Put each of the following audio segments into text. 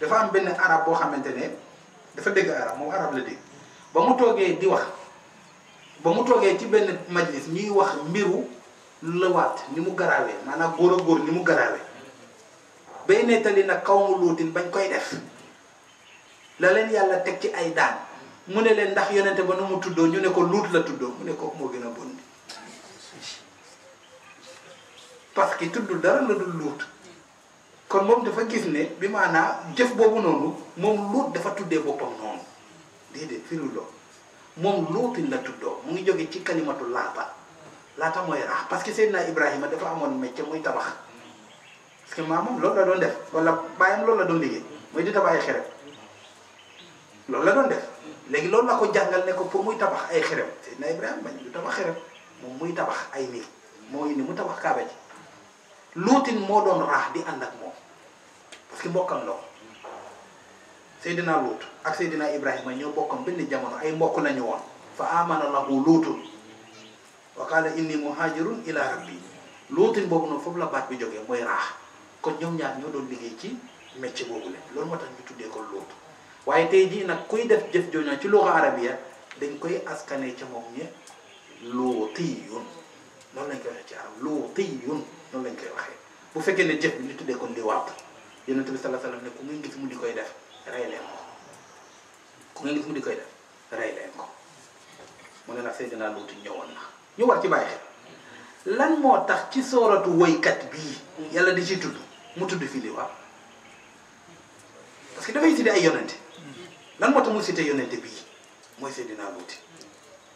dafa am benn arab boo xamante ne dafa dégg arab moom arab la dégg ba mu toogee di wax ba mu toogee ci benn majlis ñuy wax mbiru lëwaat ni mu garaawee maanaam góor a góor ni mu garaawee bay nettali nag xawmu luutin bañ koy def la leen yàlla teg ci ay daan mu ne leen ndax yonente ba nu mu tuddoo ñu ne ko luut la tuddoo mu ne ko moo gën a bon parce que tudd dara la dul luut kon moom dafa gis ne bi maanaa jëf boobu noonu moom luut dafa tuddee boppam noonu déedéet firul loolu moom luutin la tuddoo mu ngi jóge ci kalimatu laata laata mooy raax parce que naa Ibrahima dafa amoon métier muy tabax parce loolu la doon def wala bàyyam loolu la doon liggéey mooy di tabax ay xerem loolu loolu la ko jàngal ne ko pour muy tabax ay xerem Seydina Ibrahima bañ du tabax xerem moom muy tabax ay nii mooy ni mu tabax kaaba ji lootin moo doon raax di ànd ak moom parce que mbokkam la woon Seydina Luut ak Seydina Ibrahima ñoo bokkam benn jamono ay mbokk lañu woon fa amana lahu luutun wa qaala inni muhajirun la baat bi jógee mooy raax kon ñoo doon liggéey ci métier boobu la loolu waaye tey jii nag kuy def jëf jooju ci luxa arabiya dañ koy askanee ca moom ñe luutiyun noonu lañ noonu lañ koy waxee bu fekkee ne jëf bi ñu tuddee ko liwaatu yonent bi sallallahu alayhi wasallam ne ku ngeen gis mu di koy def rey leen ko ku ngeen gis mu di koy def rey leen ko mu ne nag Seydina Luutu ñëwoon na ñu war ci bàyyi xel lan moo tax ci sooratu woykat bii yàlla di ci tudd mu tudd fii liwaat parce que dafay cité ay yonente lan moo tax mu cité yonente bii mooy Seydina Luutu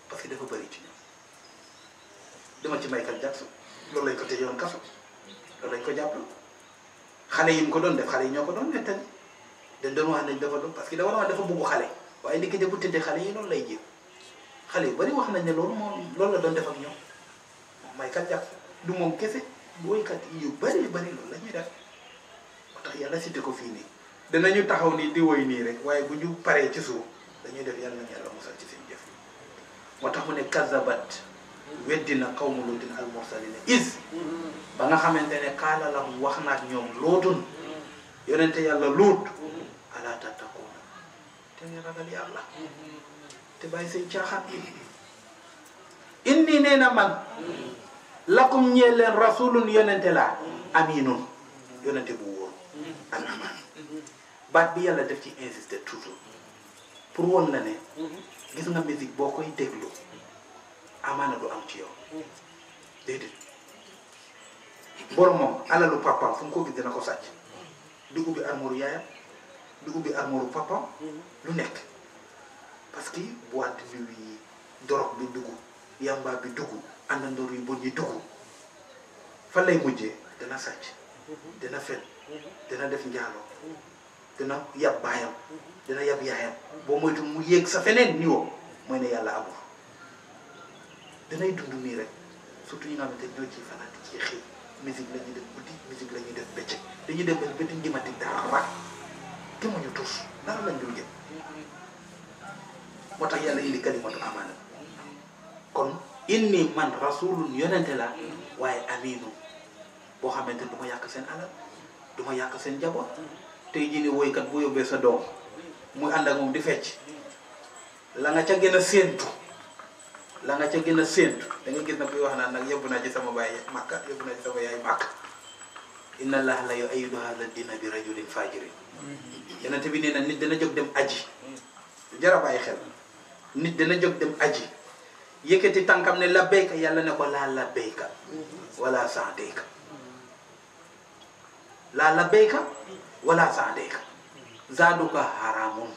parce que dafa bëri ci ñoom dama ci Michael Jackson loolu lañ ko tëjoon kaso loolu lañ ko jàpp jàppal xale yi mu ko doon def xale yi ñoo ko doon nettali de doon wax nañ dafa doon parce que dafa wax dafa bëgg xale waaye ndikki de bu tëddee xale yi loolu lay jël xale yu bari wax nañ ne loolu moom lool la doon def ak ñoom moom may kat jàpp du moom kese woykat yu bari bari loolu la def moo tax yàlla cité ko fii nii danañu taxaw nii di woy nii rek waaye bu ñu paree ci suuf dañuy def yàlla nañu yàlla musal ci seen jëf moo tax mu ne weddi na qawmu luutin al mursalina is ba nga xamante ne qaala lahum wax naa ñoom luutun yonente yàlla luut ala tattaquuna te yi am yàlla te bàyyi seen caaxaan bi inni nee na man lakum ñee leen rasulun yonente laa aminun yonente bu wóor al amaan baat bi yàlla def ci insister toujours pour woon la ne gis nga musique boo koy déglu na du am ci yow déedéet borom moom alalu papaam fu mu ko gis dina ko sàcc du ubbi armoire yaayam bi ubbi armoire papaam lu nekk parce que boîte bi yi dorog bi dugg yamba bi dugg àndandoor yu bon yi dugg fan lay mujjee dana sàcc dana fen dana def njaaloo dana yab baayam dana yab yaayam boo moytu mu yéeg sa feneen niveau mooy ne yàlla amul danay dund ni rek surtout ñi nga xamante ñoo ci fanatique ci xey musique lañu def guddi musique lañu ñuy def bëccëg dañuy dem ba di njëmati dara waat ñu tous dara lañu dul jëm moo tax yàlla indi kalimatu amana kon inni man rasulun yonente ya, la waaye aminu bo xamante du ma yàq seen alal du ma yàq seen jaboot tey jii ni woykat bu yóbbee sa doom muy ànd ak di fecc la nga ca gëna sentu la nga ca gën a séentu da nga gis na kuy wax naa nag yóbbu naa ci sama baay màkka yóbbu naa ci sama yaay màkka inna la yu ayidu hada dina bi rajulin fajirin yenente bi nee na nit dana jóg dem aji jara dana jóg dem aji yëkkati tànkam ne labbayka yàlla ne ko laa labbayka wala sa'dayka laa labbayka wala sa'dayka zaaduka haramun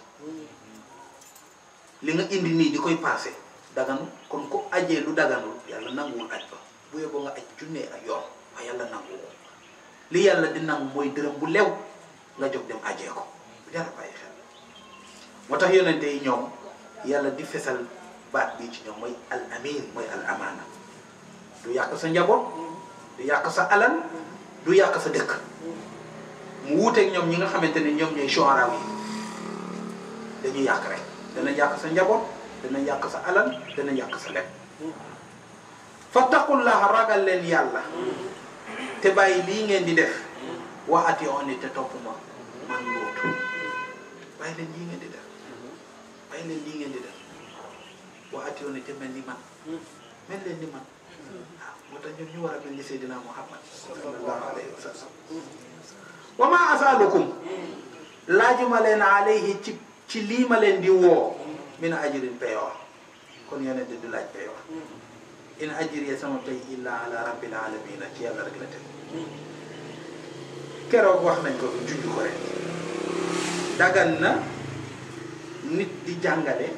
li nga indi nii di koy passé daganul kon ko ajee lu daganul yàlla nanguwul aj ba bu yóbboo nga aj junnee ak yoon waaye yàlla nanguwul li yàlla di nangu mooy dërëm bu lew nga jóg dem aje ko bu jar a bàyyi yàlla di fesal baat bii ci ñoom mooy al mooy al amaana du yàq sa njaboot du yàq sa alal du yàq sa dëkk mu wuuteeg ñoom ñi nga xamante ne ñoom ñooy shuhara yi dañuy yàq rek danañ yàq sa njaboot danañ yàq sa alal danañ yàq sa lépp fattaqullaha ragal leen yàlla te bàyyi lii ngeen di def wa atiuni te topp ma man lootu bàyyi leen lii ngeen di def bàyyi leen lii ngeen di def wa atiuni te mel ni man mel leen ni man waaw moo tax ñun ñu war a mel ni Seydina Muhammad sallallahu alayhi wa sallam wa ma asalukum laajuma leen alayhi ci ci lii ma leen di woo min ajrin payoor kon yonent du laaj payoor in ajriya sama pay illa ala rabbil alamina ci yàlla rek la teg keroog wax nañ ko fi jujju ko rek dagan na nit di jàngale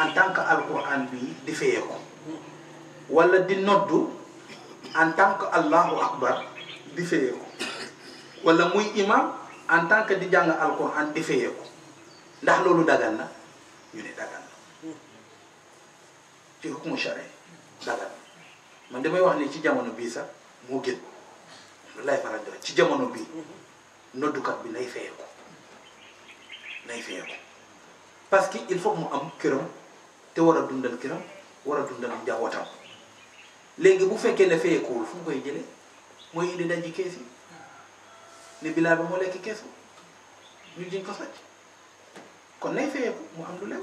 en tant que alquran bi di fayee ko wala di noddu en tant que allahu akbar di fayee ko wala muy imam en tant que di jàng alquran di fayee ko ndax loolu dagan na ñu ne dagan na ci hukumu charia dagan man damay wax ni ci jamono bii sax moo gën lay faral di ci jamono bii noddukat bi nay feyeeku nay feyeeku parce que il faut mu am këram te war a dundal këram war a dundal njabootam léegi bu fekkee ne feyeekuwul fu mu koy jëlee mooy indi daji kees yi ne bilaal ba moo lekk kees ñu jiñ ko sàcc kon nay fayeeku mu am lu lew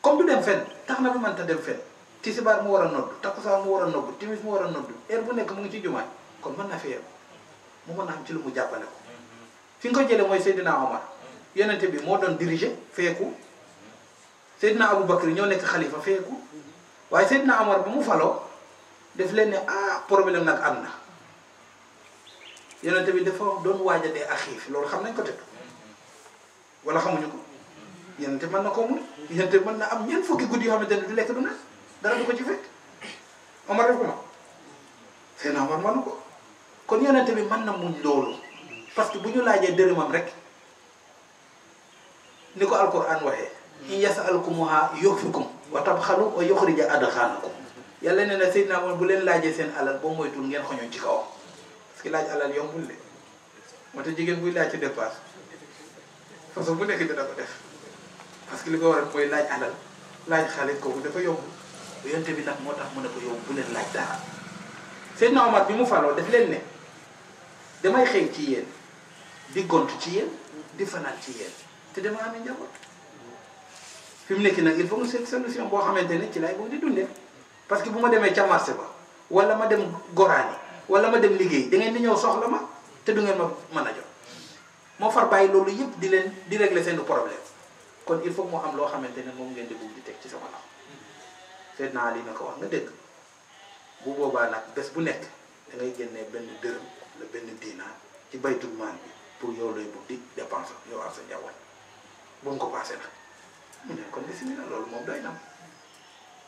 comme du dem fenn tax na bu mënta dem fenn tisibaar mu war a noddu takkusaan mu war a noddu timis mu war a noddu heure bu nekk mu ngi ci jumaay kon mën na fayeeku mu mën a am ci lu mu jàppale ko fi nga ko jële mooy Seydina Omar yonente bi moo doon diriger fayeeku Seydina Aboubacar ñoo nekk xalifa fayeeku waaye Seydina Omar bi mu faloo def leen ne ah problème nag am na yonente bi dafa doon waaj ak xiif loolu xam nañ ko tëdd wala yéen man na ko mun yéen te mën na am ñeent fukki guddi yoo xamante ne du lekk du naan dara du ko ci fekk Omar def ko seen Omar manu ko kon yonente bi mën na muñ loolu parce bu ñu laajee dërëmam rek ni ko alquran waxee in yasalkumuha yufikum wa tabxalu wa yuxrija adxaanakum yàlla nee na Seydina Omar bu leen laajee seen alal boo moytul ngeen xoñoon ci kawam parce laaj alal yombul de moo tax jigéen buy laaj ci dépasse façon bu nekk dina ko def parce que li ko waral mooy laaj alal laaj xaalis kooku dafa yomb yonte bi nag moo tax mu ne ko yow bu leen laaj dara Seydina Omar bi mu faloo def leen ne damay xëy ci yéen di gont ci yéen di fanaan ci yéen te dama amee njaboot fi mu nekk nag il faut mu seet solution boo xamante ne ci laay boobu di dundee parce que bu ma demee ca marché ba wala ma dem goraani wala ma dem liggéey da ngeen di ñëw soxla ma te du ngeen ma mën a jot moo far bàyyi loolu yëpp di leen di régler seen problème kon il faut moo am loo xamante ne moom ngeen di bugg di teg ci sama loxo Seydina Ali na ko wax nga dégg bu boobaa nag bés bu nekk da ngay génnee benn dërëm la benn diinaar ci baytul maal bi pour yow lay bugg di dépense yow ak sa njaboot bu ko passé nag mu ne kon bismilla loolu moom doy na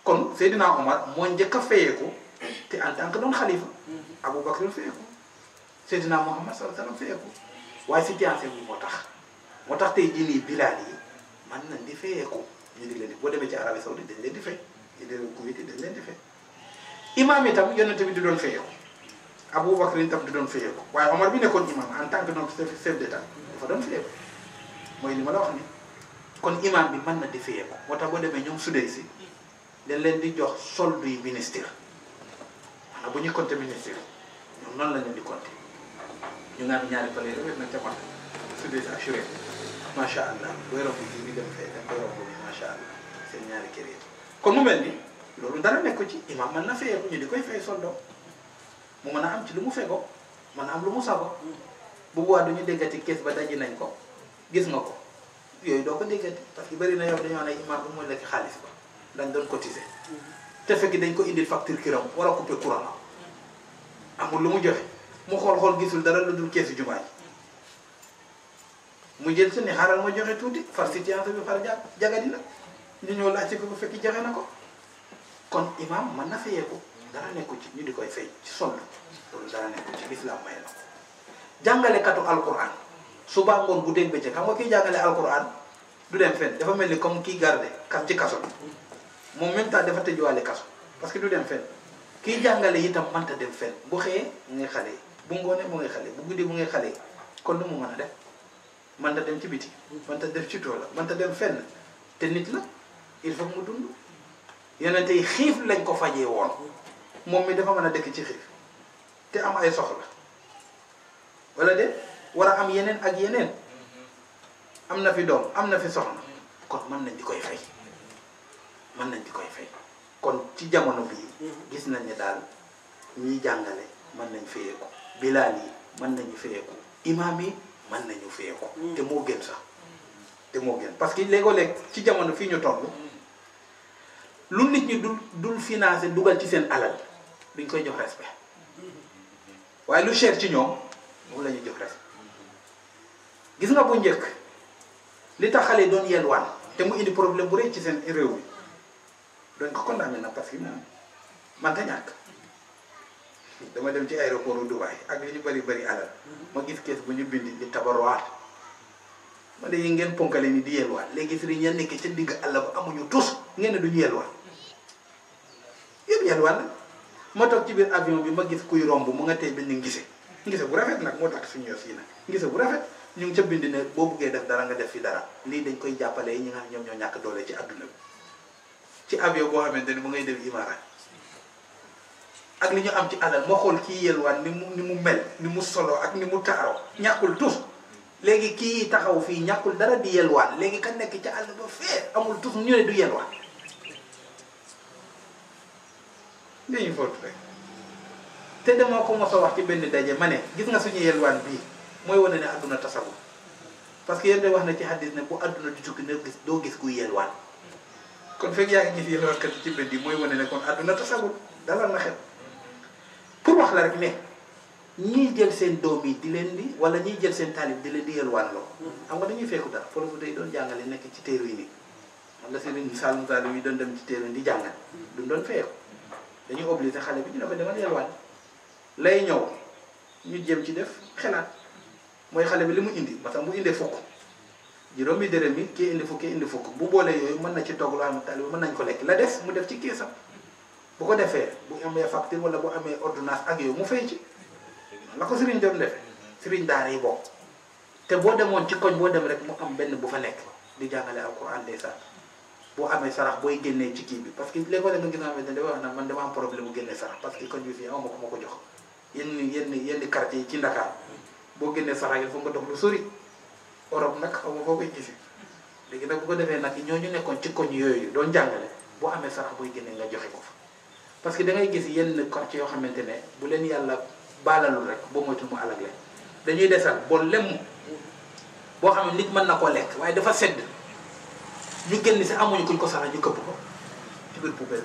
kon Seydina Omar moo njëkk a fayeeku te en tant que doon xalifa Abu Bakr fayeeku Seydina Muhammad sallallahu alayhi wa waaye situation moo tax moo tax tey jii nii yi man nañ di fayeeku ñu di leen di boo demee ci Arabie Saoudite dañ leen di fay ñu di leen Kuwait dañ leen di fay imaam itam yonente bi di doon fayeeku Abu Bakr itam di doon fayeeku waaye Omar bi nekkoon imaam en tant que donc chef d'état dafa doon fayeeku mooy li ma la wax ni kon imaam bi mën na di fayeeku moo tax boo demee ñoom sudee si de leen di jox solde yi ministère maanaam bu ñu compté ministère ñoom noonu la leen di compté ñu naan ñaari pale rek na ca man sudee si assuré macha allah booy romb ji bi dem fee dem ni loolu dara nekk ko ci imaam na feyeeku ñu di koy fay e soldo mu mën a am ci lu mu fego mën am lu mu sago bu boobaa du ñu déggati kees ba daji nañ ko gis nga ko yooyu doo ko déggati parce que bëri na yow dañoo ne imaam xaalis ba dañ doon cotiser te fekk dañ ko indil facture kiram war a couper courant amul lu mu joxe mu xool xool gisul dara lu dul keesu jumaa mu jël si ne xaaral ma joxe tuuti far situation bi far ja jagadi la ñu ñëw ko kon imam man na fayé ko dara nekk ci ñu dikoy fay ci sonn loolu dara nekk ci islam may la ko katu alquran suba ngon bu dégg ci xam nga ki jàngale alquran du dem fen dafa melni comme ki garde kas ci kaso moom même temps dafa walé kasso parce que du dem fenn kiy jàngale itam ta dem fen bu xé ngay xalé bu ngone mo ngay xalé bu mo ngay xalé kon mu mëna def man ta dem ci biti man ta def ci toolam man ta dem fenn te nit la il faut mu dund yonente xiif lañ ko fajee woon moom mi dafa mën a dëkk ci xiif te am ay soxla wala de war am yeneen ak yeneen am na fi doom am na fi soxna kon mën nañ di koy fay mën nañ di koy fay kon ci jamono bii gis nañ ne daal ñiy jàngale mën nañ fayeeku bilaal yi mën nañu fayeeku imaam yi mën nañu fee ko mm. te moo gën sax mm. te moo gën parce que léegoo-léeg ci jamono fii ñu toll mm. lu nit ñi dul dul financé dugal ci seen alal duñ koy jox respect waaye lu cher ci ñoom moom lañuy ñuy jox respect gis nga bu njëkk li tax xale doon yelwaan te mu indi problème bu rëy ci seen réew mi doñ ko condamné nag parce que man ta ñàkk dama dem ci aéroport dubai ak li ñu bari bari alal ma gis kees bu ñu bind di tabarwaat ma ne yi ngeen ponkale ni di yelwaat léegi sëriñ ñen ya nekk ca digg àll ba amuñu tous ngeen ne yel yelwaat yëpp yelwaat la ma toog ci biir avion bi ma gis kuy romb ma nga tey benn ngise ngise bu rafet nag moo tax suñu yos yi nag ngise bu rafet ñu ngi ca bind ne boo buggee def dara nga def fi dara lii dañ koy jàppale ñi nga xam ñoom ñoo ñàkk doole ci adduna bi ci avion boo xamante ni mu ngay def imaraat ak li ñu am ci alal ma xool kii yelwaan ni mu ni mu mel ni mu solo ak ni mu taaroo ñàkkul tus léegi kii taxaw fii ñàkkul dara di yelwaan léegi ka nekk ci àll ba fee amul tus ñu ne du yelwaan li ñu footu rek te dama ko mos a wax ci benn daje ma ne gis nga suñu yelwaan bii mooy wane ne àdduna tasagu parce que yéen de wax na ci xaddis ne bu àdduna di tukki ne gis doo gis kuy yelwaan kon fekk yaa ngi gis yelwaankat ci mbedd mooy wane ne kon àdduna tasagul dalal pour wax la rek ne ñiy jël seen doom yi di leen di wala ñiy jël seen taalib di leen di yelwaan loo mm. xam nga dañuy fekku dara folofu day doon jàngale nekk ci téere yi nii xam nga sëriñ Saalum Saalum yi doon dem ci téere di jàngal mm. duñ doon feeku dañuy obligé xale bi ñu ne ko demal yelwaan lay ñëw ñu jëm ci def xelaat mooy xale bi li mu indi parce que mu indee fukk juróomi dërëm yi kii indi fukk kii indi fukk bu boolee yooyu mën na ci togg loo xam ne mën nañ ko lekk la des mu def ci keesam bu ko defee bu amee facture wala bu amee ordonnance ak yooyu mu fee ci la ko sëriñ doon defee sëriñ daara yi bokk te boo demoon ci koñ boo dem rek mu am benn bu fa nekk di jàngale alquran ndeysaan boo amee sarax booy génnee ci kii bi parce que léegoo da nga gis nga xamante ne na man dama am problème bu génnee sarax parce que koñ bi fii amuma ko ma ko yenn yenn yi ci Ndakaar boo génnee sarax il faut nga dox sori Europe nag xaw ma foo koy gisee léegi nag bu ko defee nag ñooñu nekkoon ci koñ yooyu doon jàngale boo amee sarax booy génnee nga joxe ko fa parce que da ngay gis yenn quartier yoo xamante ne bu leen yàlla baalalul rek boo moytul mu alag leen dañuy desal bon lem boo xam ne nit mën na koo lekk waaye dafa sedd ñu génn si amuñu kuñ ko sax ñu këpp ko ci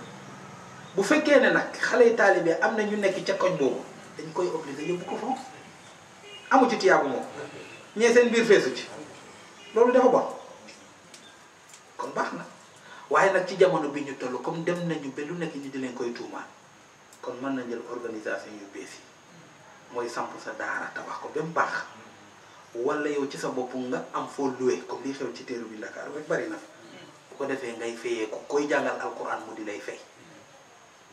bu fekkee ne nag xale yi taalibee am na ñu nekk ca koñ boobu dañ koy obligé yóbbu ko foofu amu ci tiyaabu moom ñee seen biir feesu ci loolu dafa bon kon baax na waaye nag ci jamono bi ñu toll comme dem nañu ba lu nekk ñu di leen koy tuumaan kon mën na jël organisation yu bees yi mooy samp sa daara tabax ko ba mu baax wala yow ci sa bopp nga am foo loué comme li xew ci teeru bi Dakar rek bari na bu ko defee ngay fayee ko koy jàngal alquran mu di lay fay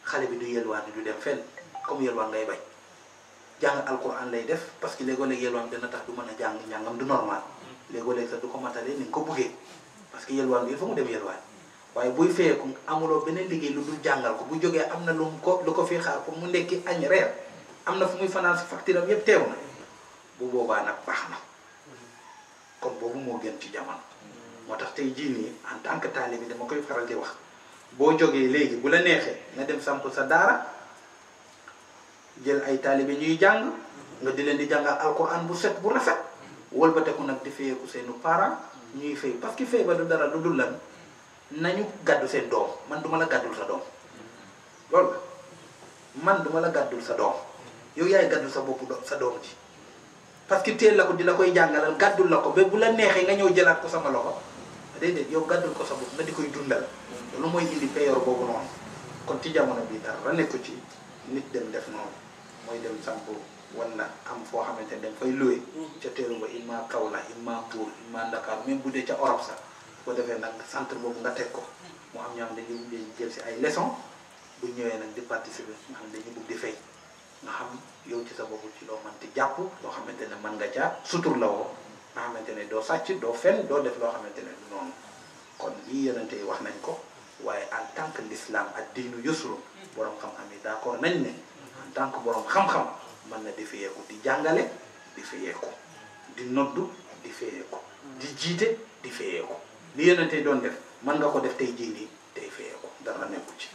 xale bi du yelwaani du dem fenn comme yelwaan ngay bañ jàng alquran lay def parce que léegoo léeg yelwaan dana tax du mën a jàng njàngam du normal mm. léegoo léeg du ko matale ni nga ko buggee parce que yelwaan bi il faut waaye buy feyeeku amuloo beneen liggéey lu dul jàngal ko bu jógee am na lu ko lu ko fi xaar pour mu nekki añ reer am na fu muy fanaan si facture yëpp yépp teew na boobaa nag baax na kon boobu moo gën ci jamono moo tax tey jii nii en tant que taalibe dama koy faral di wax boo jógee léegi bu la neexee nga dem samp sa daara jël ay taalibe ñuy jàng nga di leen di jàngal alquran bu set bu rafet wëlbateku nag di fayeeku seenu parents ñuy fay parce que fay ba du dara lu dul lan nañu gàddu seen doom man duma la gàddul sa doom loolu man duma la gàddul sa doom yow yaay gàddul sa bopp sa doom ci parce que teel la ko di la koy jàngalal gàddul la ko ba bu la neexee nga ñëw jëlaat ko sama loxo déedéet yow gàddul ko sa bopp nga di koy dundal loolu mooy indi peyor boobu noonu kon ci jamono bi dara nekku ci nit dem def noonu mooy dem samp walla am foo xamante ne dañ fay loué mm-hmm. ca teelu ba imma Kaolack imma Mbour imma Dakar même bu dee ca Europe sax boo defee nag centre boobu nga teg ko moo xam ñoo xam dañuy dañuy jël si ay leçons bu ñëwee nag di participer nga xam ñu bugg di fay nga xam yow ci sa bopp ci loo man ti jàpp loo xamante ne man nga caa sutur la woo nga xamante ne doo sàcc doo fen doo def loo xamante ne du noonu kon lii yonente wax nañ ko waaye en tant que l'islam ak diinu yusru borom xam-xam yi d'accord nañ ne en tant que xam-xam mën na di fayeeku di jàngale di fayeeku di noddu di fayeeku di jiite di fayeeku li yonente doon def mën nga ko def tey jii nii tey fayee ko nekku ci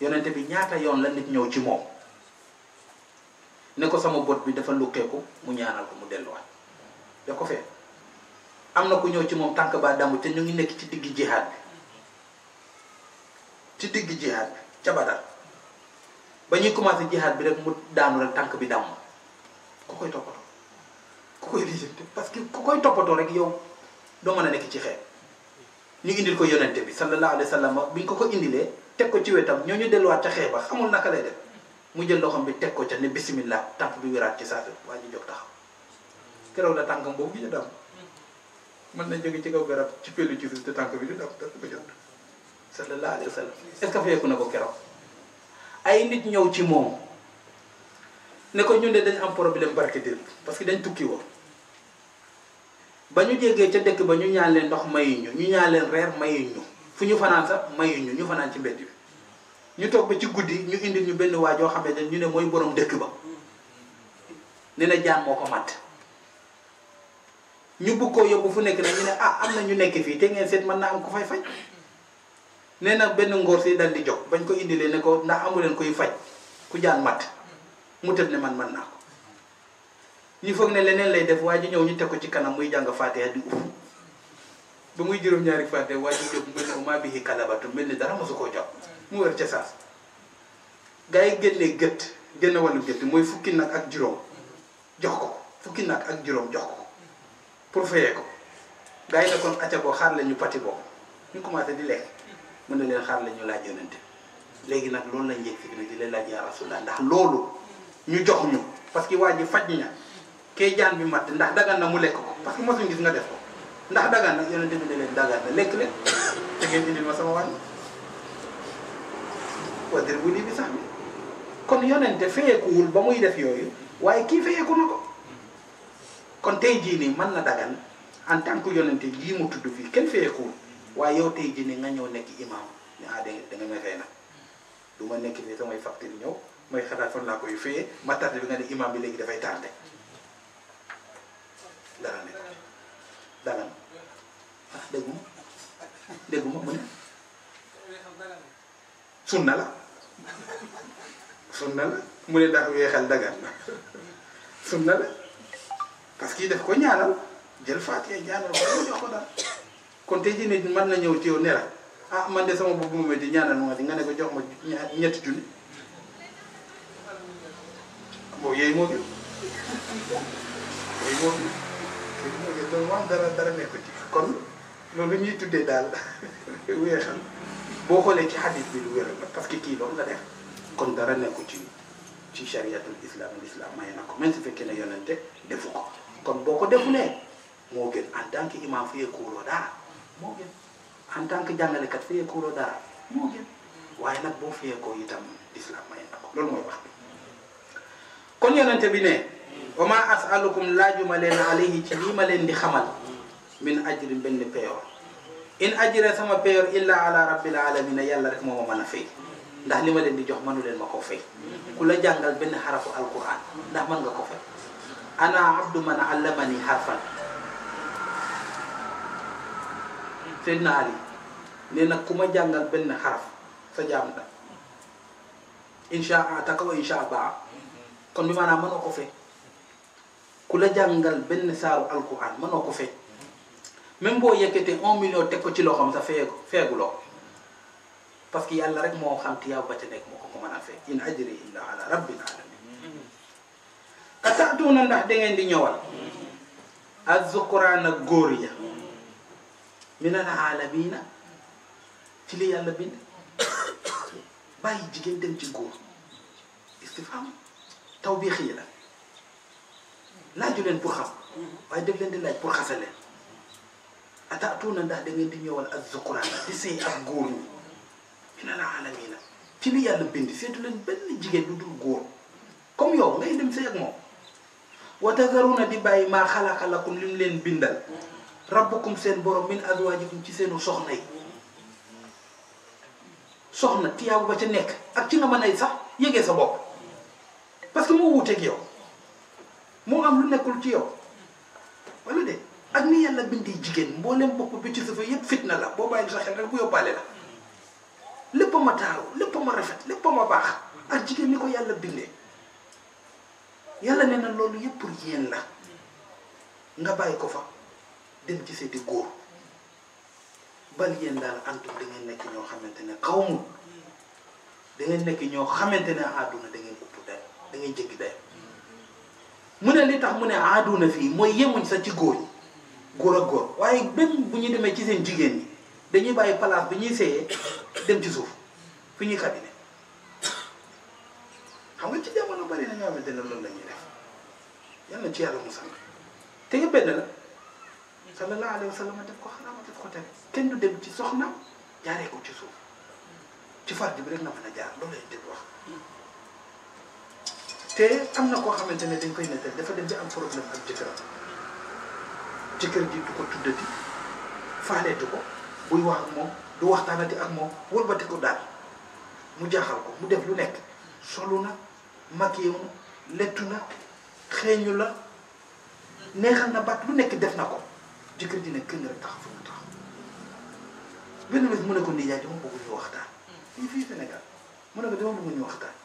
yonente bi ñaata yoon la nit ñëw ci moom ne ko sama bot bi dafa lukkeeku mu ñaanal ko mu delluwaat da ko fee am na ku ñëw ci moom tànk baa damu te ñu ngi nekk ci digg jihaad bi ci digg jihaad bi ca Badar ba ñuy commencé jihaad bi rek mu daanu rek tànk bi damm ku koy toppatoo ku koy lijjanti parce que ku koy toppatoo rek yow doo mën a nekk ci xeet ñu indil ko yonente bi sallallahu alayhi wa sallam bi ñu ko ko indilee teg ko ci wetam ñoo ñu delluwaat ca xeex ba xamul naka lay def mu jël loxoom bi teg ko ca ne bismillah tànk bi wéraat ci saasa waa ji jóg taxaw keroog la tànkam boobu ñu dam mën na jóge ci kaw garab ci pellu ci suuf te tànk bi di dam daf ko jot sallallahu alayhi wa sallam feeku na ko keroog ay nit ñëw ci moom ne ko ñun de dañ am problème barke parce que dañ tukki woon ba ñu jéggee ca dëkk ba ñu ñaan leen ndox mayuñu ñu ñaan leen reer mayuñu fu ñu fanaan sax mayuñu ñu fanaan ci mbedd bi ñu toog ba ci guddi ñu indil ñu benn waa joo xam ne ñu ne mooy borom dëkk ba ne na jaan moo ko matt ñu bëgg koo yóbbu fu nekk nag ñu ne ah am na ñu nekk fii te ngeen seet mën naa am ku fay faj nee na benn ngóor si dal di jóg bañ ko indilee ne ko ndax amu leen koy faj ku jaan matt mu tëb ne man mën naa ko ñi foog ne leneen lay def waaji ji ñëw ñu teg ko ci kanam muy jàng fatiha di uf ba muy juróom-ñaari fatiha waa ji jóg mu ne ma bihi kalabatu mel ni dara mosu koo jox mu wër ca saas gaay yi génnee gët génn wàllu gët mooy fukki nag ak juróom jox ko fukki nag ak juróom jox ko pour fayee ko gaay yi ne kon acca boo xaar lañu ñu pati boo ñu commencé di lekk mu ne leen xaar la ñu laaj yonente léegi nag loolu lañ yëg fi nag di leen laaj yaa rasulallah ndax loolu ñu jox ñu parce que waa ji faj kay jaan bi matt ndax dagan na mu lekk ko parce que mosuñ nga def ko ndax dagan na yonente bi ne leen dagan na lekk leen te ngeen indil ma sama wàññi wadir bu lii bi sax ba muy def yooyu waaye kii feyeeku na ko kon tey jii nii mën na dagan en tant que yonente jii mu tudd fii kenn feyeekuwul waaye yow tey jii nii nga ñëw nekk imam ne ah da nga may ma nekk fii samay facture ñëw mooy xalaat fan laa koy fayee ma bi nga ne imam bi léegi dafay tardé dara nekk dagan ah dégguma dégguma mu ne sunna la sunna la mu ne ndax weexal dagan la sunna la parce que daf ko ñaanal jël faatee ñaanal mën na ñëw ci ne ah, man de sama bopp moom di di nga ne ko jox ma ñetti junni boobu yooyu moo gën yooyu moo gën te ñoo ngi doon wax dara dara nekk ci kon loolu ñuy tuddee daal wéexal boo xoolee ci xadis bi lu wéral la parce que kii loolu la def kon dara nekku ci ci chariatul islam l'islam may na ko même su fekkee ne yonente defu ko kon boo ko defulee moo gën en tant que imam fiyee kuuloo dara moo gën en tant que jàngalekat fiyee kuuloo dara moo gën waaye nag boo fiyee ko itam l'islam may na ko loolu mooy wax bi kon yonente bi ne وما أسألكم لاجم لنا عليه تليم لن خمل من أجر بن بيور إن أجر سما بيور إلا على رب العالمين يلا رك ما ما نفي ده لما لن جه منو لن ما كوفي كل جنجال بن حرف القرآن ده من كوفي أنا عبد من علمني حرفا سيدنا علي لأن كما جنجال بن حرف سجامنا إن شاء أتكو إن شاء باع كن بمعنى ما نكوفي كولا جانغال بن سارو القران ما نوكو فاي ميم بو ييكيتي 1 مليون تيكو تي لوخام سا فيغو فيغلو باسكو رك مو خام تياو باتي نيك مكو كو مانا ان اجري الا على رب العالمين قساتونا ندخ دي نين دي نيوال الذكران غوريا من العالمين تلي يالا بين باي جيجين دم تي استفهام توبيخي laaju leen pour xas waaye def leen di laaj pour xase leen ataatuna ndax da ngeen di ñëwal ak zukuraan di sëy ak góor ñi minal aalamiina ci li yàlla bind seetu leen benn jigéen du dul góor comme yow ngay dem sëy ak moom wa tazaruuna di bàyyi maa xalaqa lakum li mu leen bindal rabbukum seen borom min azwaajikum ci seenu soxna yi soxna tiyaabu ba ca nekk ak ci nga mën a sax yëgee sa bopp parce que moo wuuteeg yow moo am lu nekkul ci yow wala de ak ni yàlla bindee jigéen mboolem bokk bi ci suuf yëpp fitna la boo bàyyi sa xel rek bu yóbbaale la lépp ma taaru lépp ma rafet lépp ma baax ak jigéen ni ko yàlla bindee yàlla nee na loolu yëpp pour yéen la nga bàyyi ko fa dem ci seeti góor bal yéen daal antum da ngeen nekk ñoo xamante ne xawmul da ngeen nekk ñoo xamante ne àdduna da ngeen upp day da ngeen day mu ne li tax mu ne aaduna fii mooy yemuñ sax ci góor ñi góor ak góor waaye même bu ñu demee ci seen jigéen ñi dañuy bàyyi place bi ñuy seeyee dem ci suuf fi ñuy xabine xam nga ci jamono bari na ñoo xamante ne loolu la ñuy def yal na ci yàlla musal te yëpp benn la sallallahu alayhi wa def ko xaraama def ko tere kenn du dem ci soxna jaaree ko ci suuf ci farj bi rek na mën a jaar loolu lañ wax te am na koo xamante ne dañ koy nettal dafa dem di am problème ak jëkkëram jëkkër ji du ko tuddati faaleetu ko buy wax ak moom du waxtaanati ak moom wëlbati ko daal mu jaaxal ko mu def lu nekk solu na maquillé na lettu na xeeñu la neexal na baat lu nekk def na ko jëkkër ji ne kën rek tax fu mu tax benn bés mu ne ko nijaay dama bëgg ñu waxtaan fii mm. fii Sénégal mu ne ko dama bëgg waxtaan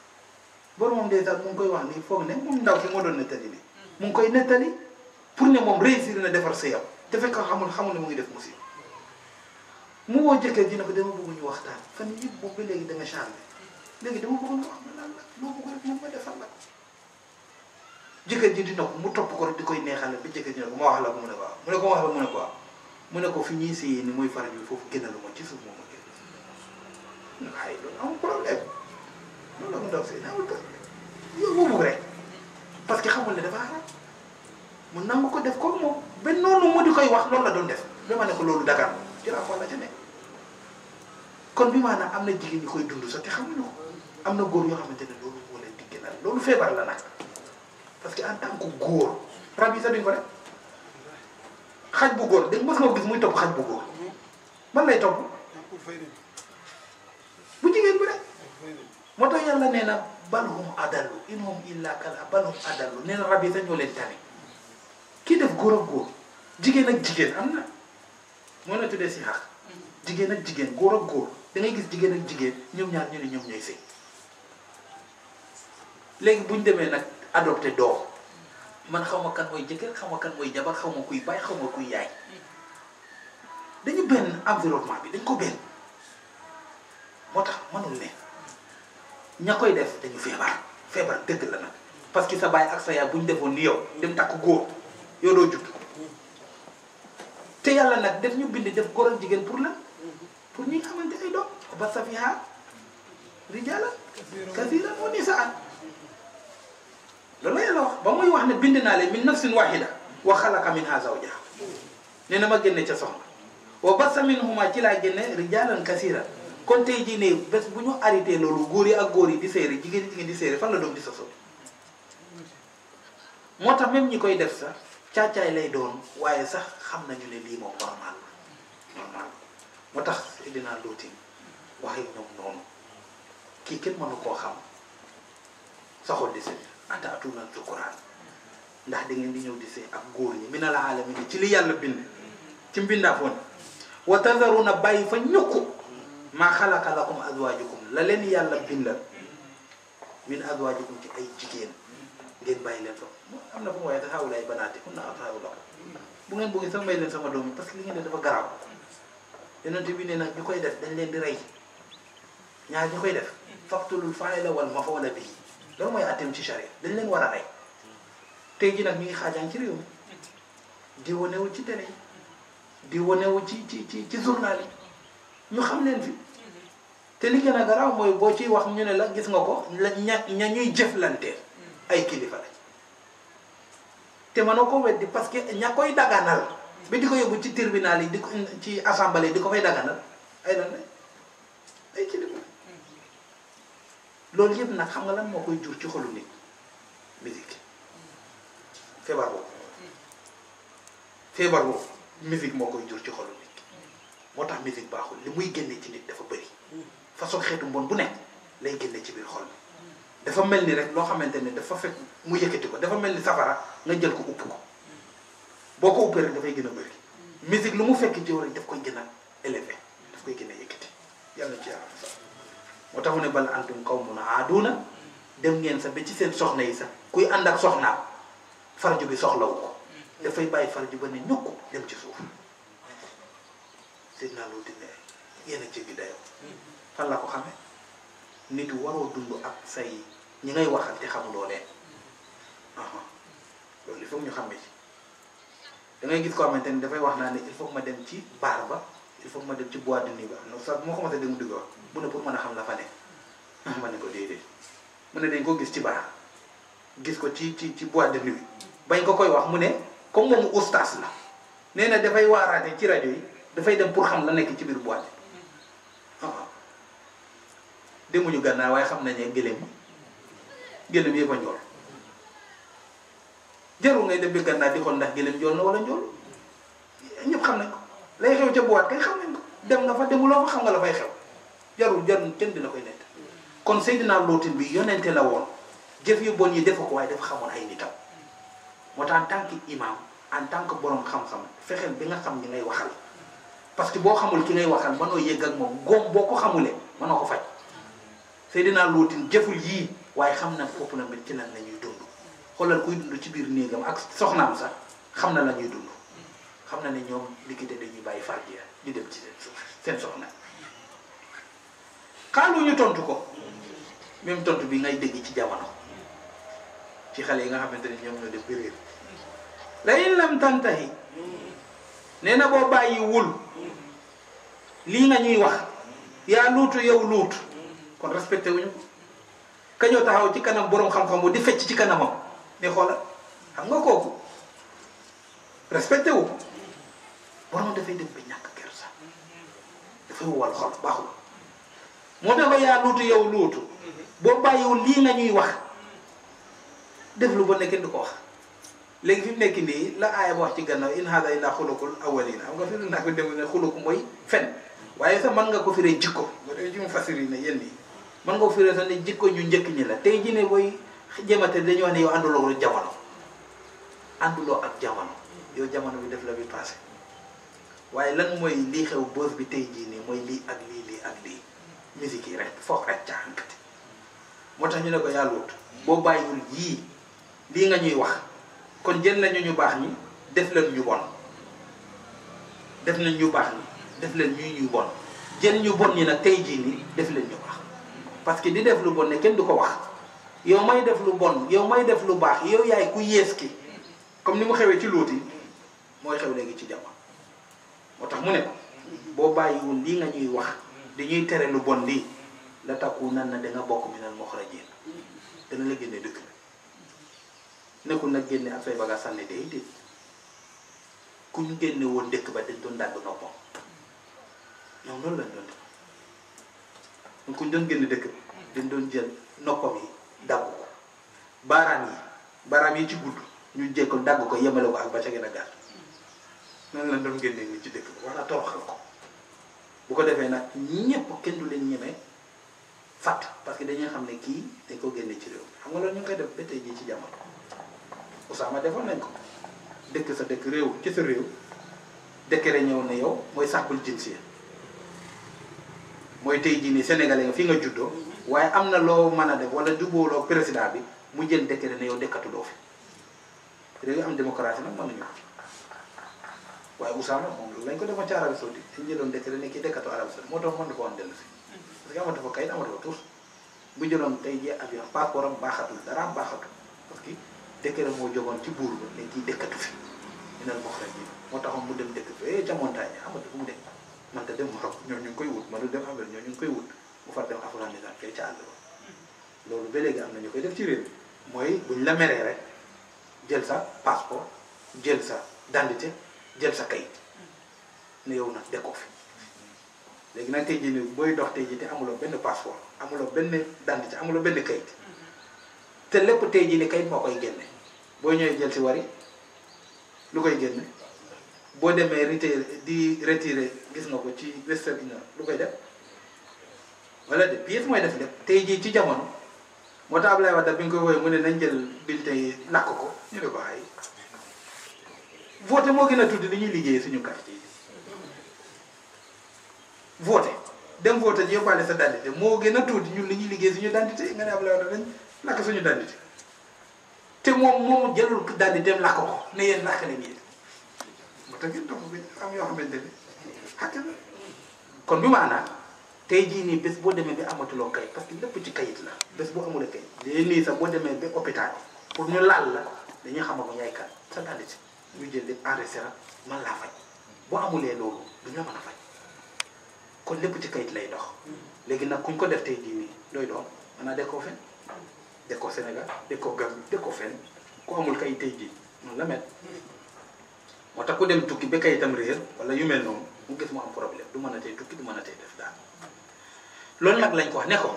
boromam dèjà mu ngi koy wax ni foog ne moom ndaw si moo doon nettali ne mu ngi koy nettali pour ne moom réussir na defar sa yow te fekk xamul xamul ne mu ngi def musiba mu woo jëkkër ji ne ko dama bëgg ñu waxtaan fan yëpp boobu ba léegi da nga chargé léegi dama bëgg ñu wax ma lan la loo bëgg defal la jëkkër ji di nopp mu topp ko rek di koy neexale ba jëkkër ji ne ko ma wax la ko mu ne waaw mu ko ma wax la mu ne ko waaw mu ne ko fi ñuy séyee ni mooy faral bi foofu génnalu ma ci suuf moom ma génn problème loolu la mu ndaw si que xamul ne dafa xaram mu nangu ko def ko moom ba di koy wax loolu la doon def ba ko loolu Dakar ci laa kon bi maanaam am na jigéen ñi koy dund sax te xamuñu ko am na góor yoo xamante ne loolu moo leen loolu feebar la nag parce que en tant que góor rab yi sax duñ ko rek xaj bu góor dañ mos nga gis muy topp xaj bu góor mhm. man lay topp bu jigéen bi rek. moo tax yàlla nee na balhum adallu in hum illa kal balhum adallu nee na rab yi sax ñoo leen tane kii def góor ak góor jigéen ak jigéen am na moo la tuddee si xaq jigéen ak jigéen góor ak góor da ngay gis jigéen ak jigéen ñoom ñaar ñu ne ñoom ñooy sëy léegi bu ñu demee nag adopté doo man xaw ma kan mooy jëkkër xaw ma kan mooy jabar xaw ma kuy baay xaw ma kuy yaay dañu benn environnement bi dañ ko benn moo tax mënul ne. ña koy def dañu feebar feebar dëgg la nag parce que sa baay ak sa yaay bu ñu defoon ni yow dem takk góor yow doo judd te yàlla nag def ñu bind def góor jigéen pour la pour ñi xamante ay doom ba safiha rijala kasira wa nisaan loolu la yàlla ba muy wax ne bind naa leen min nafsin wahida wa xalaqa minha zawjaha nee na ma génne ca soxna wa bassa minhuma ci laa génne rijalan kasira kon tey jii ne bés bu ñu arrêté loolu góor yi ak góor yi di séeré jigéen jigéen di séeré fan la doom di sosoo moo tax même ñi koy def sax caacaay lay doon waaye sax xam nañu ne lii moom normal normal moo tax naa lootin waxe ñoom noonu kii kenn mënu koo xam saxool di seen anta atuna sukuraan ndax da ngeen di ñëw di seen ak góor ñi mina la alamin ci li yàlla bind ci mbindaafoon wa tazaru na bàyyi fa ñukku ما خلق لكم أزواجكم لن يلا بيننا من أزواجكم أي جيجين جيت باي لنفوا أم نفوا يا تها ولا يبناتي كنا أتها ولا بعدين بعدين سما لين سما دومي بس لين لين تبغى غراب لأن تبين أن يكوي ده دل لين دري يعني يكوي ده فقتل الفاعل والمفعول به لو ما يأتم تشاري دل لين ورا ري تيجي نك مي خاجان كريم ديوانه وجدني ديوانه وجي جي جي جزورنا لي ñu xam leen fi te li gën a mooy boo ciy wax ñu ne la gis nga ko la ña ña ñuy jëflanteel ay kilifa lañ te mënoo ko weddi parce que ña koy daganal bi di ko yóbbu ci tribunal yi di ko ci assemblée di ko koy daganal ay ay kilifa loolu yëpp nag xam nga lan moo koy jur ci xolu nit musique feebar boobu feebar boobu musique moo koy jur ci xolu nit moo tax musique baaxul li muy génne ci nit dafa bëri façon xeetu mbon bu nekk lay ci biir xol bi dafa mel ni rek loo xamante ne dafa fekk mu yëkkati dafa mel ni safara nga jël ko upp ko boo ko uppee dafay gën a bëri musique lu mu fekk ci yow koy gën a élevé daf koy gën a yëkkati yàlla ci yàlla sax moo tax mu ne bal antum qawmun aaduuna dem ngeen sax ba ci seen soxna yi sax kuy ànd ak soxnaa soxnaam farju bi soxlawu ko dafay bàyyi farju ba ne ko dem ci suuf sëñ Lalla Dine yéen a jéggi dayoo. fan la ko xamee nit waroo dund ak say ñi ngay waxal te xamuloo leen loolu ñu xamee ci da ngay gis koo xamante ni dafay wax naa ne il faut ma dem ci baar ba il faut ma dem ci boîte de nuit ba non sax bu ma commencé dem dugg wax bu ne pour mën a xam la fa ne ah, ma ne ko déedéet mu ne dañ ko gis ci baar gis ko ci ci ci boîte de nuit bañ ko koy wax mu ne comme mu ustaas la nee na dafay waaraate ci rajo yi. dafay dem pour xam na nekk ci biir boîte ah. demuñu gànnaar waaye xam nañ ne gëléem gëléem yëpp a njool jarul ngay dem bi gànnaar di xool ndax gëléem njool na wala njool ñëpp xam nañ ko lay xew ca boîte kay xam nañ dem nga fa demuloo fa xam nga la fay xew jarul jarul kenn dina koy nett kon Seydina Lootin bi yonente la woon jëf yu bon yi defa ko waaye dafa xamoon ay nitam moo tax en tant en tant que borom xam-xam fexeel bi nga xam ñi ngay waxal parce que bo xamul ki ngay waxal mano yegg ak mom gom boko ko mano mënoo ko faj Seydina Luutin jëful yii waaye xam na foofu la ci lan lañuy dund xolal kuy dund ci bir néegam ak soxnam sa xamna na dund xamna na ñom likité dañuy bayyi fardiya di dem ci sen soxna kalu ñu tontu ko même tontu bi ngay degg ci jamono ci xalé yi nga xamanteni ñom ñoo def biréer la lam tantahi nee na boo wul lii nga ñuy wax yaa luutu yow lutu kon respecté wuñu ko kañoo taxaw ci kanam borom xam bu di fecc ci kanamam ne xoola xam nga kooku respecté wu borom borom fay dem ba ñàkk da fay wal xol baaxul moo tax ba yaa luutu yow luutu boo bàyyiwul lii nga ñuy wax def lu ba nekk du ko wax. léegi fi nekk nii la aaya wax ci gannaaw in hada illa xulukul awalina xam nga fi naa ko dem ne xuluku mooy fen waaye sax man nga ko firee jikko ba tey ji mu fasir yi ne yéen nii mën nga ko firee sax ñu njëkk ñi la tey ji ne booy jëmate dañu wax ne yow ànduloo ak jamono ànduloo ak jamono yow jamono bi def la bi passé waaye lan mooy lii xew boos bi tey jii nii mooy lii ak lii lii ak lii musique yi rek foog ak caankati moo tax ñu ne ko yàlla wut boo bàyyiwul yii lii nga ñuy wax kon jën nañu ñu baax ñi def leen ñu bon def nañ ñu baax ñi def leen ñuy ñu bon jën ñu bon ñi nag tey jii nii def leen ñu baax parce que di def lu bon ne kenn du ko wax yow may def lu bon yow may def lu baax yow yaay ku yées ki comme ni mu xewee ci luuti mooy xew léegi ci jamono moo tax mu ne ko boo bàyyiwul lii nga ñuy wax di ñuy tere lu bon lii la takku nan na danga bokk minal muxrajin dana la génne dëkk nekkul nag génne ak say bagage sànni dé dé ku ñu genné won dëkk ba dañ doon dag nopo ñoo non la doon ñu ku ñu doon génne dëkk dañ doon jël nopo bi dag ko baaraam yi baaraam yi ci gudd ñu jékkoon dag ko yemalé ko ak ba ca gëna a non la doon genné ñu ci dëkk wala toroxal ko bu ko défé nak ñepp kenn du leen ñëmé fat parce que dañuy xamné ki dañ ko genné ci réew xam nga loolu ñu koy def ba ji ci jamono. Usaama defoon nañ ko dekk sa dekk rew ci sa dekk re ñew na yow moy sakul jinsiya moy tay jini sénégalais fi nga juddo waye amna na loo def wala jubóoloo président bi mu jël re ne yow do fi rew am démocratie mënu ñu waye waaye Usaama moom lañ ko defoon ci Arabie Saoudite dañ dekk re ne ki dekkatu Arabie Saoudite mo tax mën na ko on dellu si parce que amatu ko kay amatu fa tous bu jëlon tay ji avion passeport am dara baaxatul parce que décret moo jógoon ci buur ba ne kii dëkkatu fi ñu ne mboq rek moo taxoon mu dem dëkk fi ca eh, mu dem man de dem Maroc ñoo ñu ngi koy wut man de dem ñoo ñu ngi koy wut mu far dem Afghanistan fee ca àll ba loolu ba am na ñu ci réew mooy buñ la rek jël sa passeport jël sa dandité jël sa kayit ne yow nag dekkoo fi léegi nag tey jii booy dox tey jii te amuloo benn passeport amuloo benn dandité amuloo benn kayit te lépp tey jii nii kayit moo koy génne. boo ñëwee jël si wari lu koy génne boo demee retail di retirer gis nga ko ci Western Union lu koy def wala de pièce mooy def lépp tey jii ci jamono moo tax Ablaye Wade bi ñu koy woowee mu ne nañ jël bulletin yi lakk ko ñu ne ko ay moo gën a tudd li ñuy liggéeyee suñu quartier yi voté dem voté ji yóbbaale sa dentité moo gën a tudd ñun li ñuy liggéey suñu dentité nga ne Ablaye Wade dañ suñu dentité te moom moomu jëlul daal di dem lakk ko ne yéen lakk leen yéen moo tax ngeen dox bi am yoo xamante ne xàq la kon bi maanaa tey jii nii bés boo demee ba amatuloo kayit parce que lépp ci kayit la bés boo amul kayit nii sax boo demee ba pour ñu laal la dañuy xamal ko yaay kan sa identité ñu man boo amulee loolu duñ la mën kon lépp ci kayit lay dox mm. léegi nag kuñ ko def koo fen def ko Sénégal def ko Gambie def ko fenn ku amul kayit tey jii noonu la mel moo tax ku dem tukki ba tam réer wala yu mel noonu mu gis mu problème du mën a tey du mën a tey def daal loolu nag lañ ko wax ne ko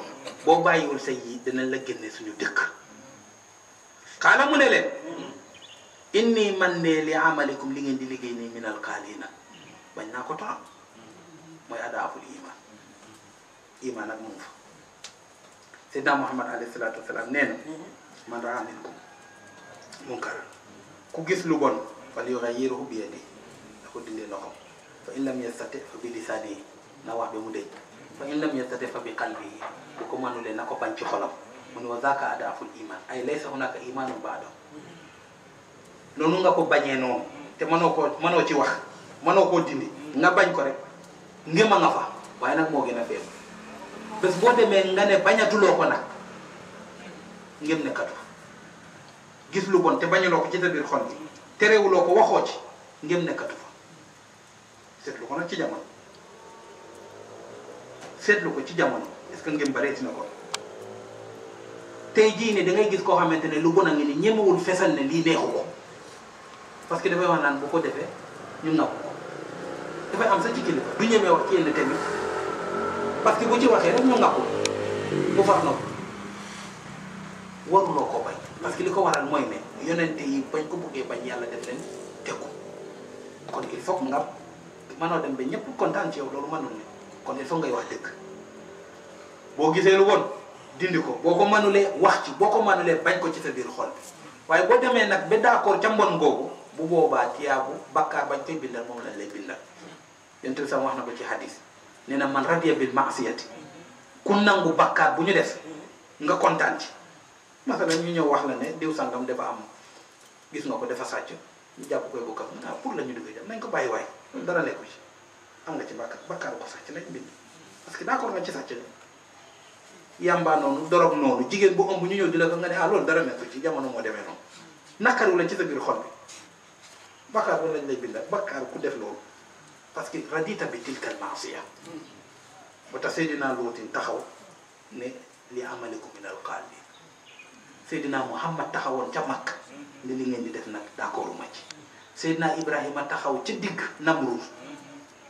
boo bàyyiwul say yi dinañ la génne suñu dëkk xaala mu ne leen inni man ne li amalikum li ngeen di liggéey nii minal xaalina bañ naa ko torop mooy adaaful iman iman ak moom fa Seydina Muhammad alayhi salaatu wa salaam nee na mhm. man raa minkum munkaran ku gis lu bon falyughayyirhu bi yadihi na ko dindee loxoom fa in lam yastati fa bi lisaanihi na wax bi mu dëj fa in lam yastati fa bi qalbihi bu ko mënulee na ko bañ ci xolam mu ne wa zaaka adaaful iman ay laysa hunaka imanun baado noonu nga ko bañee noonu te mënoo koo mënoo ci wax mënoo koo dindi nga bañ ko rek ngéma nga fa waaye nag moo gën bés boo demee nga ne bañatuloo ko nag ngeen nekkatu gis lu bon te bañuloo ko ci sa xol bi terewuloo ko waxoo ci ngeen nekkatu fa seetlu ko nag ci jamono seetlu ko ci jamono est-ce que ngeen bareeti na ko tey jii ne dangay gis koo xamante ne lu bon a ngi ni ñemewul fesal ne lii neexu ko parce que dafay wax naan bu ko defee ñu nangu ko dafay am sa ci kilifa du ñemee wax ci yenn tamit parce que bu ci waxee rek ñu ngàpp bu far nopp waruloo ko bañ parce que li ko waral mooy ne yeneen yi bañ ko buggee bañ yàlla def leen tegu kon il faut nga mënoo dem ba ñëpp kontaan ci yow loolu mënul ne kon il faut ngay wax dëgg boo gisee lu woon dindi ko boo ko mënulee wax ci boo ko mënulee bañ ko ci sa biir xol bi waaye boo demee nag ba d'accord ca mbon googu bu boobaa tiyaabu bakkaar bañ koy bindal moom lañ lay bindal yonent bi sama wax na ko ci hadis nee na man radiya bil maasiyati ku nangu bakkaar bu ñu def nga kontaan ci masalan ñu ñëw wax la ne diw sangam dafa am gis nga ko dafa sàcc ñu jàpp koy bokkam ah pour la ñu duggee jàpp nañ ko bàyyi waay dara nekku ci am nga ci bakkaar bakkaaru ko sàcc lañ bind parce que d'accord nga ci sàcc la noonu dorog noonu jigéen bu ëmb ñu ñëw di la ko nga ne ah loolu dara nekku ci jamono moo demee noonu nakaru la ci sa biir xol bi bakkaar bu lañ lay bindal bakkaar ku def loolu parce que radita bi tilkal maasiya ba hmm. tax Seydina Lootin taxaw ne li amalikum min al qalbi Seydina Muhammad taxawoon ca Makka ne li ngeen di def nag d'accordu ma ci Seydina Ibrahima taxaw ca digg Namru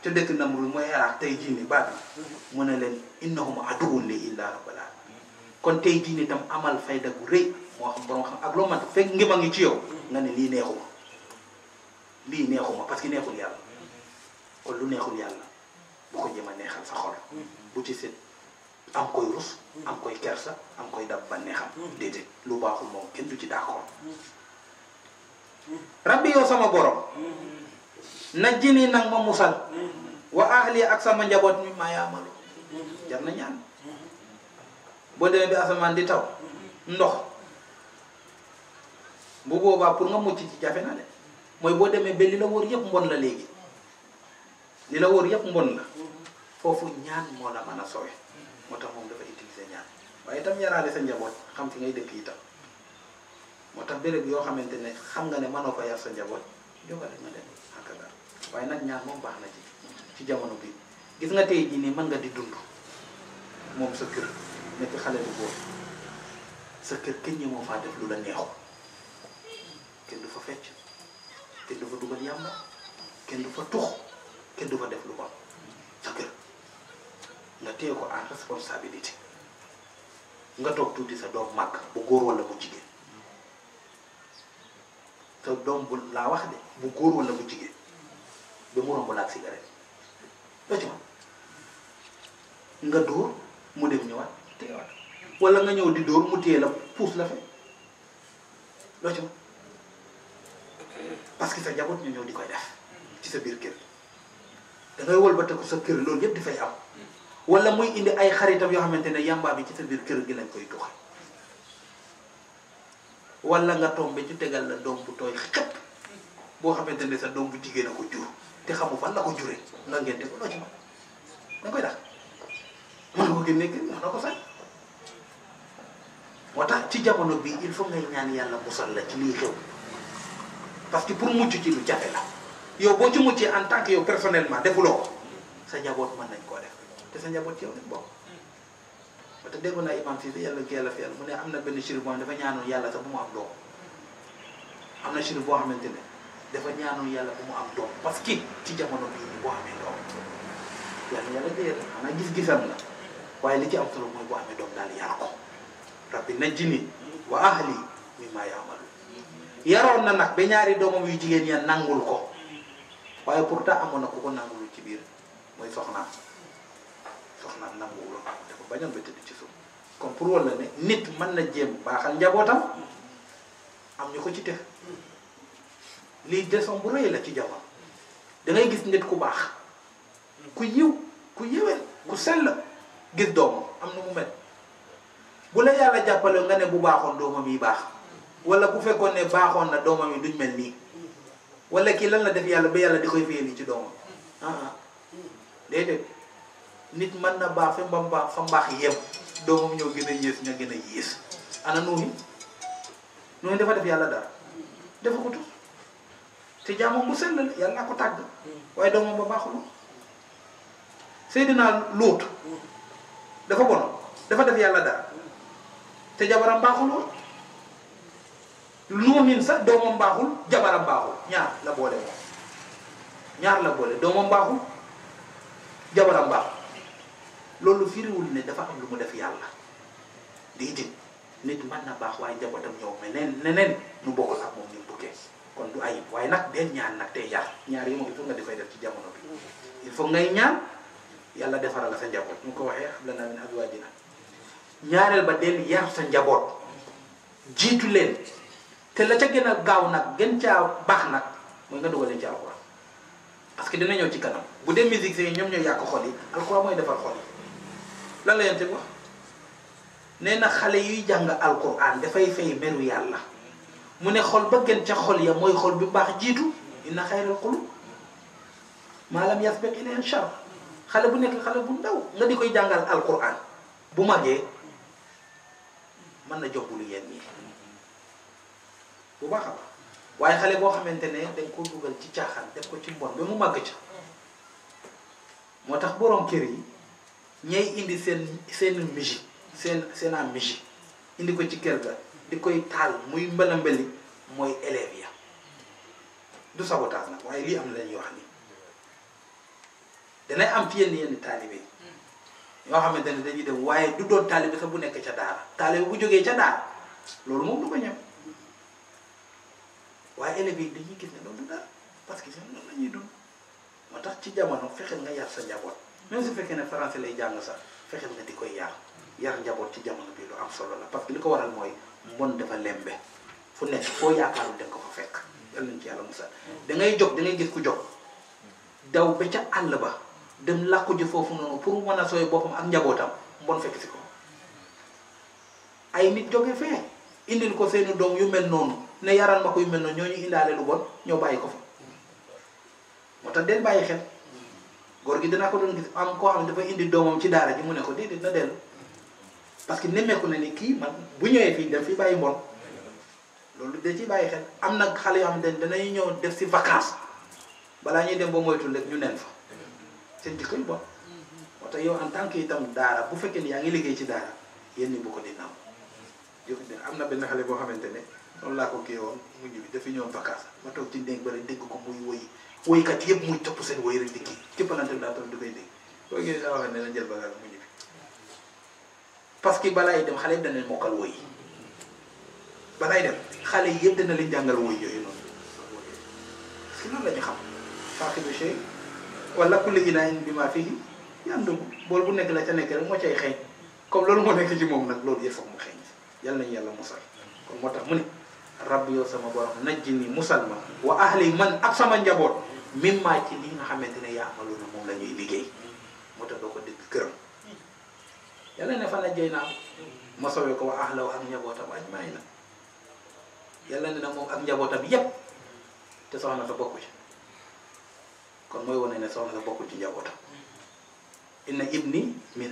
ca dëkk Namru mooy Iraq tey jii nii baat mu ne leen innahum aduwwun li illaa rabbil kon tey jii nii tam amal fayda gu rëy moo xam borom xam ak loo mën fekk ngi ma ngi ci yow nga ne lii neexuma lii neexuma parce que neexul yàlla. kon oh, lu neexul yalla bu ko jema neexal sa xol bu ci set am koy rus am koy kersa am koy dab ba neexam hmm. dede lu baaxul moom kenn du ci d'accord hmm. hmm. rabbi yo sama borom na jini ma musal wa ahli ak sama njabot ni maa yaamalu jar na ñaan bo dem bi asaman di taw ndox bu boba pour nga mucc ci jafe na de la wor yépp mbon la légui lila wor yep mbon la fofu ñaan mo la mëna a motax mom dafa utiliser ñaan waye itam yaraale sa njabot xam ci ngay dëkk yi tam motax bëreb yo xamantene xam nga ne mëna ko yar sa njabot jógal nga dem ak daal waaye nag ñaan mom baax na ci ci jamono bi gis nga tay ji ni man nga di dund mom sa kër nek xalé bu bor sa kër kenn ñu mo fa def lu la neex kenn du fa fecc kenn du fa dugal yàmba kenn du fa tukh kenn du fa def lu bon sa kër nga téye ko en responsabilité nga toog tuuti sa doom màgg bu góor walla bu jigéen sa doom bu laa wax de bu góor walla bu jigéen ba mu romb laag cigarette doo ci man nga dóor mu dem ñëwaat téyewaat walla nga ñëw di dóor mu téye la puus la fe doo ci man que sa njaboot ñu ñëw di koy def ci sa biir kër da ngay wëlbatiku sa kër loolu yëpp dafay am wala muy indi ay xaritam yoo xamante ne yàmbaa bi ci sa biir kër gi lañ koy tuxe wala nga tombe ci tegal la doom bu tooy xëpp boo xamante ne sa doom bu jigéen a ko jur te xamu fan la ko juree na ngeen def loo ci mën da koy dàq moo tax ci jamono bi il faut ngay ñaan yàlla musal la ci liy xew parce que pour mucc ci lu jafe la yo bo ci mutti en tant que yo personnellement defulo sa njabot man nañ ko def te sa njabot yow lañ bokk te dégg imam si yalla geel a feel mune amna ben na benn dafa ñaanu yalla sax bu mu am do amna chir bo xamantene dafa ñaanu yalla bu mu am do parce que ci jamono bi nii boo amee doom yalla yàlla dee xanaa gis-gisam la waye li ci am solo moy bo amé do dal yalla ko rabbi najini wa ahli mimma ya'malu yaron na nak be ñaari domam yu jigen ya nangul ko waye pourtant amona na ku ko nangulu ci biir moy soxna soxna nanguwuloon dafa bañoon ba tëdd ci suuf comme pour wala ne nit man na jéem baxal njabootam am ñu ko ci tef li desom bu rëy la ci jamono da ngay gis nit ku bax ku yiw ku yewel ku sel gis doomam am na mu mel bu la yàlla jàppale nga ne bu baxon doomam yi bax wala ku fekkone baxon na doomam yi duñ mel ni wala kii lan la def yàlla ba yàlla di koy fiyee nii ci doomam ah ah nit mën na baax fi mu baax fa mbaax yem doomam ñoo gën a yées ña gën a yées ana nuuhi nuuhi dafa def yàlla dara defu ko tus te jaamam bu sell la yàlla ko tàgg waaye doomam ba baaxul Seydina Luut dafa bon dafa def yàlla dara te jabaram baaxul luumin sax doomam baaxul jabaram baaxul ñaar la boole moom ñaar la boole doomam baaxul jabaram baaxul loolu firiwul ne dafa am lu mu def yàlla di dit nit mën na baax waaye njabootam ñëw mais neen neneen nu bokkul ak moom ni mu buggee kon du ayib waaye nag dee ñaan nag tey yar ñaar yi moom il faut nga dafay def ci jamono bi il faut ngay ñaan yàlla defaral la sa njaboot ñu ko waxee xam la naa min azwaajina ñaareel ba deen yar sa njaboot jiitu leen te la ca gën a gaaw nag gën caa baax nag mooy nga dugalee ci alxuraan parce que dina ñëw ci kanam bu dee musique yi ñoom ñoo yàq xol yi alxuraan mooy defar xol yi lan la yente wax nee na xale yuy jàng alxuraan dafay fay meru yàlla mu ne xol ba gën ca xol ya mooy xol bi baax jiitu inna xayral xulub maa lam yasbiq ilayhi char xale bu nekk xale bu ndaw nga di koy jàngal alxuraan bu magee mën na jox lu yenn yi bu baax a baax waaye xale boo xamante ne dañ koo dugal ci caaxaan def ko ci mbon ba mu màgg ca moo tax boroom kër yi ñay indi seen seen musique seen seen am musique indi ko ci kër ga di koy taal muy mbala mbali mooy élèves ya du sabotage nag waaye lii am na la wax ni danay am ci yenn yenn taalibe yi yoo xamante ne dañuy dem waaye du doon taalibe sax bu nekk ca daara taalibe bu jógee ca daara loolu moom du ko ñëw waaye élèves yi dañuy gis ne loolu dara parce que ñoom noonu ñuy dund moo tax ci jamono fexeel nga yar sa njaboot même su fekkee ne français lay jàng sax fexeel nga di koy yar yar njaboot ci jamono bi lu am solo la parce que li ko waral mooy mbon dafa lembe fu nekk foo yaakaarul da nga ko fa fekk yàlla nañ ci yàlla musal da ngay jóg da ngay gis ku jóg daw ba ca àll ba dem làkku ji foofu noonu pour mën a sooy boppam ak njabootam mbon fekk si ko ay nit jóge fee indil ko seeni doom yu mel noonu ne yaral ma ko yu mel noonu ñoo ñu indaale lu bon ñoo bàyyi ko fa moo tax den bàyyi xel góor gi dinaa ko doon gis am koo xam dafa indi doomam ci daara ji mu ne ko déedéet na parce que nemmeeku na ni kii man bu ñëwee fii dem fi bàyyi mbon loolu da ci bàyyi xel am nag xale yoo xam ne danañu ñëw def si vacance balaa ñuy dem ba moytu rek ñu neen fa seen jikko yu bon moo tax yow en tant que itam daara bu fekkee ni yaa ngi liggéey ci daara yéen ñi bu ko di naw am na benn xale boo xamante ne loolu laa ko kii woon mu ñibbi dafa ñëwoon vacance ma toog ci ndéng ba rek dégg ko muy woy woykat yëpp muy topp seen woy rek di kii cëppalante bi daa toog du koy dégg boo gisee mu parce que balaay dem xale yëpp dana leen mokkal woy balaay dem xale yooyu noonu parce que loolu la ñu xam fàq bu nekk la ca nekk rek moo cay xeeñ loolu moo nekk ci moom nag loolu yëpp foog mu xeeñ yàlla nañu yàlla musal kon moo tax mu ne rabb yow sama borom najj ni musal wa ahli man ak sama njaboot mim maa ci li nga xamante ne yaa amalu na la ñuy liggéey moo tax doo ko dégg këram ma sowe ko wa ahlaw ak njabootam ajmaay na yàlla ne na ne soxna sa bokkul ci njabootam inna ibni moo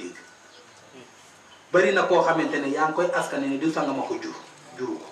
dégg bari na koo xamante ne yaa ngi koy askane ni diw sangama ko jur juru ko